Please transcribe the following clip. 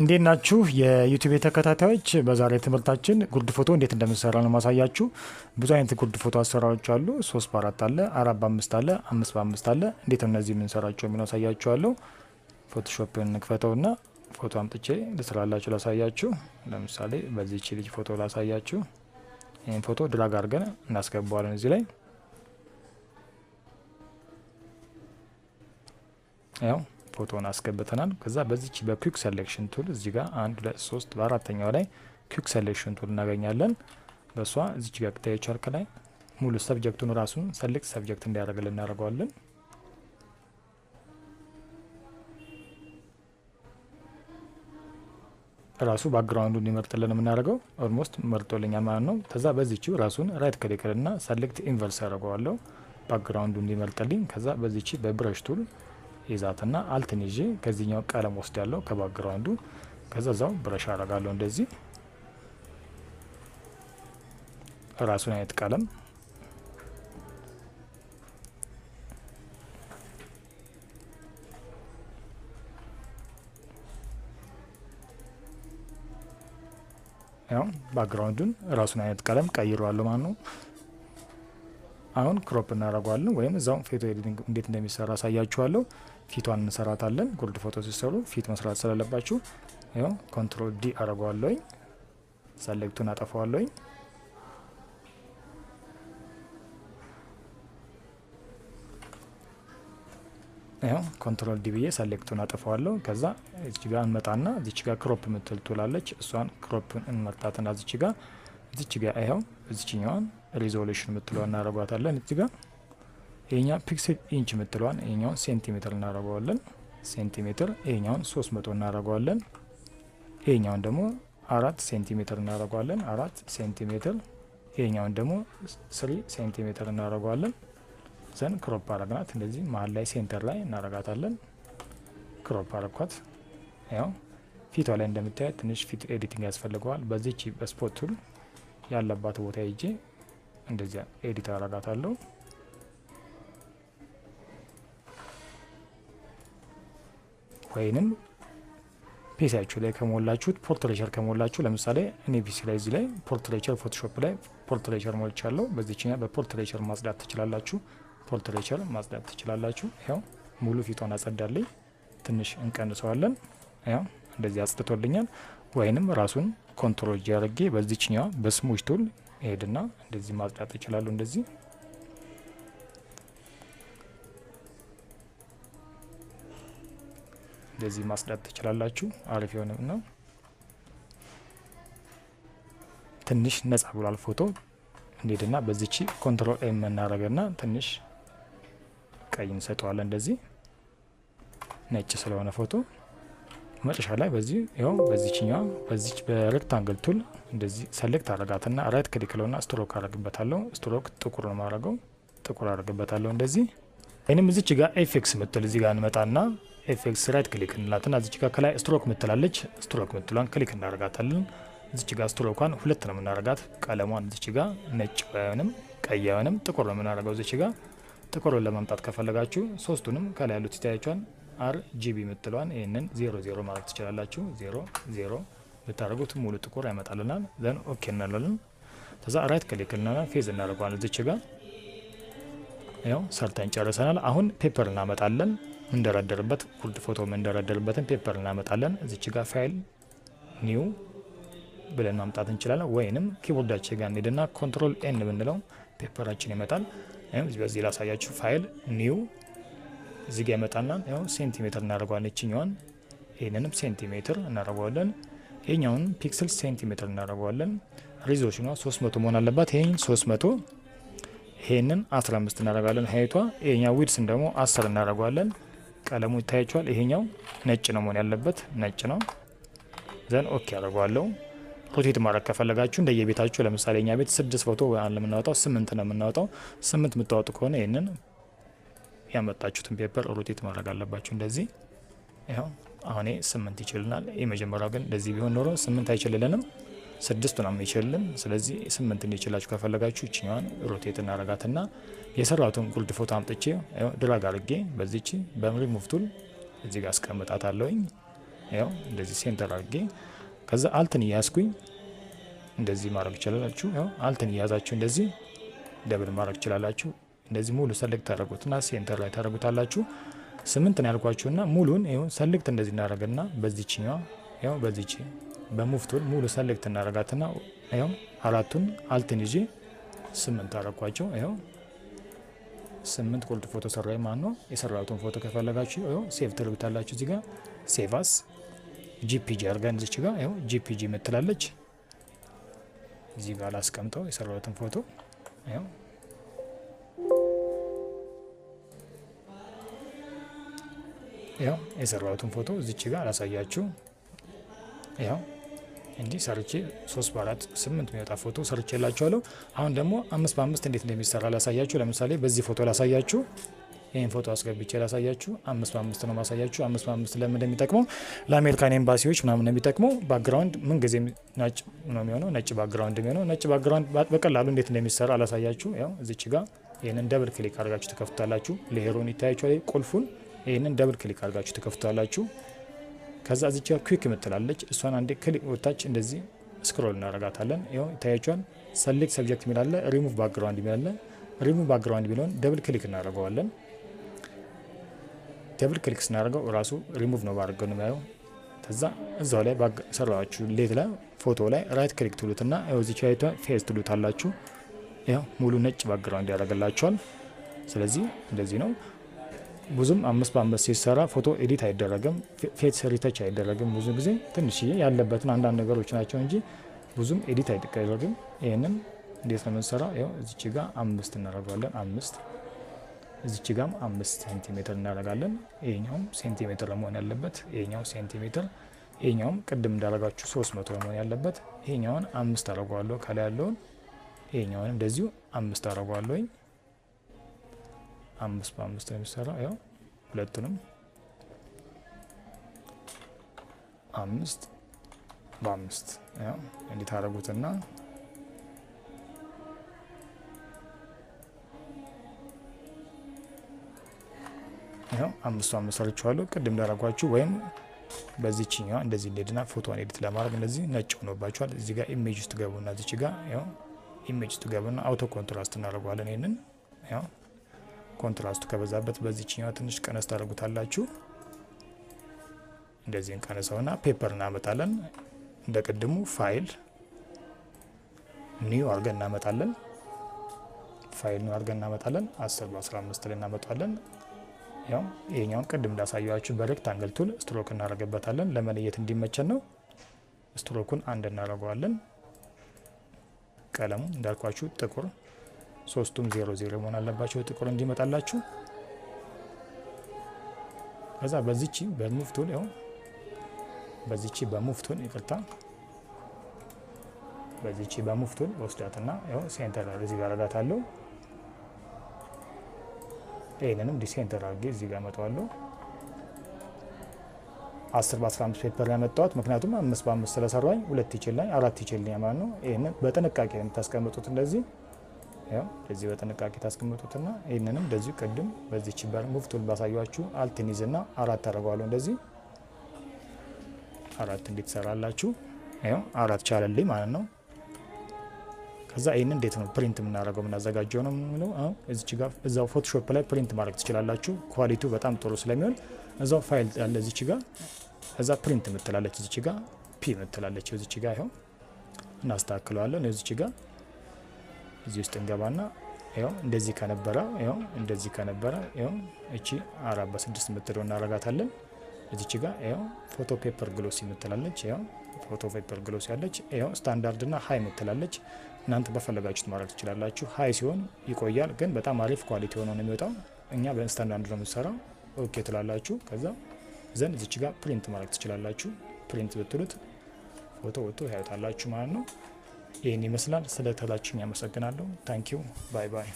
እንዴት ናችሁ የዩቲዩብ ተከታታዮች? በዛሬ ትምህርታችን ጉርድ ፎቶ እንዴት እንደምንሰራ ነው ማሳያችሁ። ብዙ አይነት ጉርድ ፎቶ አሰራሮች አሉ። ሶስት በአራት አለ፣ አራት በአምስት አለ፣ አምስት በአምስት አለ። እንዴት እነዚህ የምንሰራቸው የሚለው አሳያችኋለሁ። ፎቶሾፕን እንክፈተው ና ፎቶ አምጥቼ ልስራላችሁ ላሳያችሁ። ለምሳሌ በዚህች ልጅ ፎቶ ላሳያችሁ። ይህን ፎቶ ድራግ አድርገን እናስገባዋለን እዚህ ላይ ያው ፎቶን አስገብተናል። ከዛ በዚች በኩክ ሴሌክሽን ቱል እዚ ጋ አንድ ለሶስት በአራተኛው ላይ ኩክ ሴሌክሽን ቱል እናገኛለን። በእሷ እዚች ጋ ታያችኋል። ከላይ ሙሉ ሰብጀክቱን ራሱን ሰልክ ሰብጀክት እንዲያደርግልን እናደርገዋለን። ራሱ ባክግራውንዱ እንዲመርጥልን የምናደርገው ኦልሞስት መርጦልኛል ማለት ነው። ከዛ በዚችው ራሱን ራይት ክሊክልና ሰልክት ኢንቨርስ ያደርገዋለሁ ባክግራውንዱ እንዲመርጥልኝ። ከዛ በዚች በብረሽ ቱል ይዛትና አልትን ይዤ ከዚህኛው ቀለም ወስድ ያለው ከባክግራውንዱ ከዛ ዛው ብረሽ አረጋለሁ እንደዚህ ራሱን አይነት ቀለም ያው ባክግራውንዱን ራሱን አይነት ቀለም ቀይረዋለሁ ማለት ነው። አሁን ክሮፕ እናደርገዋለን ወይም እዛውን ፎቶ ኤዲቲንግ እንዴት እንደሚሰራ አሳያችኋለሁ። ፊቷን እንሰራታለን። ጉርድ ፎቶ ሲሰሩ ፊት መስራት ስለለባችሁ ይኸው ኮንትሮል ዲ አረገዋለሁኝ። ሰሌክቱን አጠፋዋለኝ። ይኸው ኮንትሮል ዲ ብዬ ሰሌክቱን አጠፋዋለሁ። ከዛ እዚች ጋር እንመጣና እዚች ጋር ክሮፕ የምትል ትውላለች። እሷን ክሮፕን እንመርጣትና እዚች ጋር እዚች ጋር ይኸው እዚችኛዋን ሪዞሉሽን የምትለዋ እናረጓታለን እዚች ጋር ይሄኛ ፒክስል ኢንች የምትለዋን ይሄኛውን ሴንቲሜትር እናደርገዋለን። ሴንቲሜትር ይሄኛውን 300 እናደርገዋለን። ይሄኛውን ደግሞ አራት ሴንቲሜትር እናደርገዋለን። አራት ሴንቲሜትር ይሄኛውን ደግሞ ስሪ ሴንቲሜትር እናደርገዋለን። ዘን ክሮፕ አረግናት እንደዚህ መሀል ላይ ሴንተር ላይ እናረጋታለን። ክሮፕ አረግኳት። ያው ፊቷ ላይ እንደምታያት ትንሽ ፊት ኤዲቲንግ ያስፈልገዋል። በዚች በስፖት ቱል ያለባት ቦታ ይጄ እንደዚያ ኤዲት አረጋታለሁ። ወይንም ፒሲያችሁ ላይ ከሞላችሁት ፖርትሬቸር ከሞላችሁ ለምሳሌ እኔ ፒሲ ላይ እዚህ ላይ ፖርትሬቸር ፎቶሾፕ ላይ ፖርትሬቸር ሞልቻለሁ። በዚችኛ በፖርትሬቸር ማጽዳት ትችላላችሁ። ፖርትሬቸር ማጽዳት ትችላላችሁ። ያው ሙሉ ፊቷን አጸዳልኝ። ትንሽ እንቀንሰዋለን። ያው እንደዚህ አጽድቶልኛል። ወይንም ራሱን ኮንትሮል እያደረጌ በዚችኛዋ በስሙች ቱል ሄድና እንደዚህ ማጽዳት እችላለሁ እንደዚህ እንደዚህ ማጽዳት ትችላላችሁ። አሪፍ የሆነ ነው። ትንሽ ነጻ ብሏል ፎቶ እንሄድና በዚች ኮንትሮል ኤም እናደርግና ትንሽ ቀይ እንሰጠዋለን። እንደዚህ ነጭ ስለሆነ ፎቶ መጨረሻ ላይ በዚህ ይኸው በዚችኛዋ በዚች በሬክታንግል ቱል እንደዚህ ሰሌክት አረጋትና ራይት ክሊክ ለውና ስትሮክ አረግበታለሁ። ስትሮክ ጥቁር ነው ማረገው። ጥቁር አረግበታለሁ እንደዚህ። ይህንም እዚች ጋር ኤፌክስ ምትል እዚህ ጋር እንመጣና ኤፌክስ ራይት ክሊክ እንላትና እዚች ጋር ከላይ ስትሮክ ምትላለች ስትሮክ ምትሏን ክሊክ እናደርጋታለን። እዚች ጋር ስትሮኳን ሁለት ነው የምናደርጋት። ቀለሟን እዚች ጋር ነጭ ወይንም ቀይ ወይንም ጥቁር ነው የምናደርገው። እዚች ጋር ጥቁሩን ለማምጣት ከፈለጋችሁ ሶስቱንም ከላይ ያሉት ሲታያቸዋን አር ጂቢ ምትሏን ይህንን ዜሮ ዜሮ ማድረግ ትችላላችሁ። ዜሮ ዜሮ ብታደርጉት ሙሉ ጥቁር ያመጣልናል። ዘን ኦኬ እናላለን። ተዛ ራይት ክሊክ እናለን፣ ፌዝ እናደርገዋለን። እዚች ጋር ያው ሰርተን ጨርሰናል። አሁን ፔፐር እናመጣለን። ምንደረደርበት ኩልድ ፎቶ ምንደረደርበትን ፔፐር እናመጣለን። እዚች ጋር ፋይል ኒው ብለን ማምጣት እንችላለን። ወይንም ኪቦርዳችን ጋር እንሄድና ኮንትሮል ኤን ብንለው ፔፐራችን ይመጣል። በዚህ ላሳያችሁ። ፋይል ኒው እዚህ ጋር ይመጣና ያው ሴንቲሜትር እናደርገዋለን። ይችኛዋን ይህንንም ሴንቲሜትር እናደርገዋለን። ይህኛውን ፒክስል ሴንቲሜትር እናደርገዋለን። ሪዞሽኗ 300 መሆን አለባት። ይህን 300 ይህንን 15 እናደርጋለን። ሀይቷ ይህኛ ዊድስን ደግሞ 10 እናደርገዋለን። ቀለሙ ይታያቸዋል። ይሄኛው ነጭ ነው መሆን ያለበት ነጭ ነው። ዘን ኦኬ አድርጓለሁ። ሮቴት ማድረግ ከፈለጋችሁ እንደየቤታችሁ ለምሳሌ እኛ ቤት ስድስት ፎቶ ለምናወጣው ስምንት ነው የምናወጣው። ስምንት የምታወጡ ከሆነ ይህንን ያመጣችሁትን ፔፐር ሮቴት ማድረግ አለባችሁ። እንደዚህ ይኸው አሁኔ ስምንት ይችልናል። የመጀመሪያው ግን እንደዚህ ቢሆን ኖሮ ስምንት አይችልልንም። ስድስት ምናምን አይችልም። ስለዚህ ስምንት እንዲችላችሁ ከፈለጋችሁ ይችኛዋን ሮቴት እናረጋትና የሰራቱን ጉልድ ፎቶ አምጥቼ ድራግ አርጌ በዚች በሪሙቭ ቱል እዚህ ጋር አስቀምጣታለሁኝ። ያው እንደዚህ ሴንተር አርጌ ከዛ አልትን እያያዝኩኝ እንደዚህ ማድረግ ይችላላችሁ። ያው አልትን እያያዛችሁ እንደዚህ ደብል ማድረግ ይችላላችሁ። እንደዚህ ሙሉ ሰልግ ታደረጉት ና ሴንተር ላይ ታደረጉታላችሁ። ስምንት ነው ያልኳችሁና ሙሉን ሰልግት እንደዚህ እናደረግና በዚችኛ ያው በዚች በሙፍቱን ሙሉ ሰሌክት እናረጋትና ይኸው አራቱን አልትን ይዤ ስምንት አረኳቸው። ይኸው ስምንት ቁልጥ ፎቶ ሰራ ማን ነው የሰራቱን ፎቶ ከፈለጋችሁ ይኸው ሴቭ ትልብታላችሁ። እዚህ ጋር ሴቭ ጂፒጂ አርገን እዚች ጋር ይኸው ጂፒጂ ምትላለች። እዚህ ጋር ላስቀምጠው የሰራሁትን ፎቶ ይኸው ያው የሰራሁትን ፎቶ እዚች ጋር አላሳያችሁ። ያው እንዲህ ሰርቼ ሶስት በአራት ስምንት የሚወጣ ፎቶ ሰርቼ የላችኋለሁ። አሁን ደግሞ አምስት በአምስት እንዴት እንደሚሰራ ላሳያችሁ። ለምሳሌ በዚህ ፎቶ ላሳያችሁ። ይህን ፎቶ አስገብቼ ላሳያችሁ። አምስት በአምስት ነው ማሳያችሁ። አምስት በአምስት ለምን እንደሚጠቅመው ለአሜሪካን ኤምባሲዎች ምናምን እንደሚጠቅመው ባክግራውንድ ምንጊዜ ነጭ ነው የሚሆነው፣ ነጭ ባክግራውንድ የሚሆነው። ነጭ ባክግራውንድ በቀላሉ እንዴት እንደሚሰራ አላሳያችሁ። ያው እዚች ጋር ይህንን ደብል ክሊክ አድርጋችሁ ትከፍታላችሁ። ሌሄሮን ይታያችኋል። ቁልፉን ይህንን ደብል ክሊክ አድርጋችሁ ትከፍታላችሁ። ከዛ እዚች ኩክ የምትላለች እሷን አንዴ ክሊክ ወታች እንደዚህ ስክሮል እናረጋታለን። ይኸው ይታያችኋል። ሰሌክት ሰብጀክት የሚላለ ሪሙቭ ባክግራውንድ የሚላለ ሪሙቭ ባክግራውንድ የሚለውን ደብል ክሊክ እናደርገዋለን። ደብል ክሊክ ስናደርገው ራሱ ሪሙቭ ነው ባድርገው ነው የሚያየው። ከዛ እዛው ላይ ሰራችሁ ሌት ላይ ፎቶ ላይ ራይት ክሊክ ትሉትና እዚች ጋር ፌዝ ትሉት አላችሁ። ይኸው ሙሉ ነጭ ባክግራውንድ ያደርግላችኋል። ስለዚህ እንደዚህ ነው። ብዙም አምስት በአምስት ሲሰራ ፎቶ ኤዲት አይደረግም፣ ፌት ሪተች አይደረግም። ብዙ ጊዜ ትንሽ ያለበትን አንዳንድ ነገሮች ናቸው እንጂ ብዙም ኤዲት አይደረግም። ይህንን እንዴት ነው የምንሰራው? ይኸው እዚች ጋ አምስት እናደርጋለን። አምስት እዚች ጋም አምስት ሴንቲሜትር እናደርጋለን። ይሄኛውም ሴንቲሜትር ለመሆን ያለበት ይሄኛው ሴንቲሜትር ይሄኛውም ቅድም እንዳረጋችሁ ሶስት መቶ ለመሆን ያለበት ይሄኛውን አምስት አረጓለሁ። ከላይ ያለውን ይሄኛውንም እንደዚሁ አምስት አረጓለሁኝ። አምስት በአምስት ነው የሚሰራ ያው ሁለቱንም አምስት በአምስት ያው እንዲህ ታደርጉትና ያው አምስቱ አምስት ሰርችኋለሁ ቅድም እንዳረጓችሁ ወይም በዚችኛ እንደዚህ ሌድና ፎቶን ኤዲት ለማድረግ እንደዚህ ነጭ ሆኖባችኋል። እዚህ ጋር ኢሜጅ ውስጥ ገቡና እዚች ጋር ያው ኢሜጅ ውስጥ ገቡና አውቶ ኮንትራስት እናደርገዋለን ይህንን ያው ኮንትራስቱ ከበዛበት በዚችኛው ትንሽ ቀነስ ታደርጉታላችሁ። እንደዚህ እንቀነሰውና ፔፐር እናመጣለን። እንደ ቅድሙ ፋይል ኒው አርገን እናመጣለን። ፋይል ኒው አርገን እናመጣለን። 10 በ15 ላይ እናመጣለን። ያው ይሄኛውን ቅድም እንዳሳየዋችሁ በሬክታንግል ቱል ስትሮክ እናደርግበታለን። ለመለየት እንዲመቸን ነው። ስትሮኩን አንድ እናደርገዋለን። ቀለሙ እንዳልኳችሁ ጥቁር ሶስቱም ዜሮ ዜሮ መሆን አለባቸው ጥቁር እንዲመጣላችሁ። ከዛ በዚቺ በሙፍቱን ው በዚቺ በሙፍቱን ይቅርታ በዚቺ በሙፍቱን ወስዳትና ው ሴንተር እዚህ ጋር አደርጋታለሁ። ይህንንም ዲሴንተር አድርጌ እዚህ ጋር መጣዋለሁ። አስር በአስራ አምስት ፔፐር ላይ መጣዋት። ምክንያቱም አምስት በአምስት ስለሰራኝ ሁለት ይችልኝ አራት ይችልኝ ማለት ነው። ይህንን በጥንቃቄ የምታስቀምጡት እንደዚህ ያው በዚህ በጥንቃቄ ታስቀምጡትና ይህንንም እንደዚሁ ቅድም በዚህ ችበር ሙቭ ቱል ባሳያችሁ አልትኒዝ ና አራት አደርገዋለሁ። እንደዚህ አራት እንዴት ሰራላችሁ? ያው አራት ቻለልኝ ማለት ነው። ከዛ ይህንን እንዴት ነው ፕሪንት የምናደርገው የምናዘጋጀው ነው የሚለው እዚች ጋር እዛው ፎቶሾፕ ላይ ፕሪንት ማድረግ ትችላላችሁ። ኳሊቲው በጣም ጥሩ ስለሚሆን እዛው ፋይል ያለ እዚች ጋር እዛ ፕሪንት የምትላለች እዚች ጋር ፒ የምትላለች እዚች ጋር ይኸው እናስተካክለዋለን እዚች ጋር እዚህ ውስጥ እንገባና ይኸው እንደዚህ ከነበረ ይኸው እንደዚህ ከነበረ ይኸው እቺ አራት በስድስት የምትለው እናረጋታለን። እዚች ጋር ይኸው ፎቶ ፔፐር ግሎስ የምትላለች ይኸው ፎቶ ፔፐር ግሎስ ያለች ይኸው ስታንዳርድ ና ሀይ የምትላለች። እናንተ በፈለጋችሁት ማድረግ ትችላላችሁ። ሀይ ሲሆን ይቆያል፣ ግን በጣም አሪፍ ኳሊቲ ሆኖ ነው የሚወጣው። እኛ በስታንዳርድ ነው የምንሰራው። ኦኬ ትላላችሁ። ከዛ ዘንድ እዚች ጋር ፕሪንት ማድረግ ትችላላችሁ። ፕሪንት ብትሉት ፎቶ ወጥቶ ያዩታላችሁ ማለት ነው። ይህን ይመስላል። ተላችን ያመሰግናለሁ ታንኪዩ ባይ ባይ።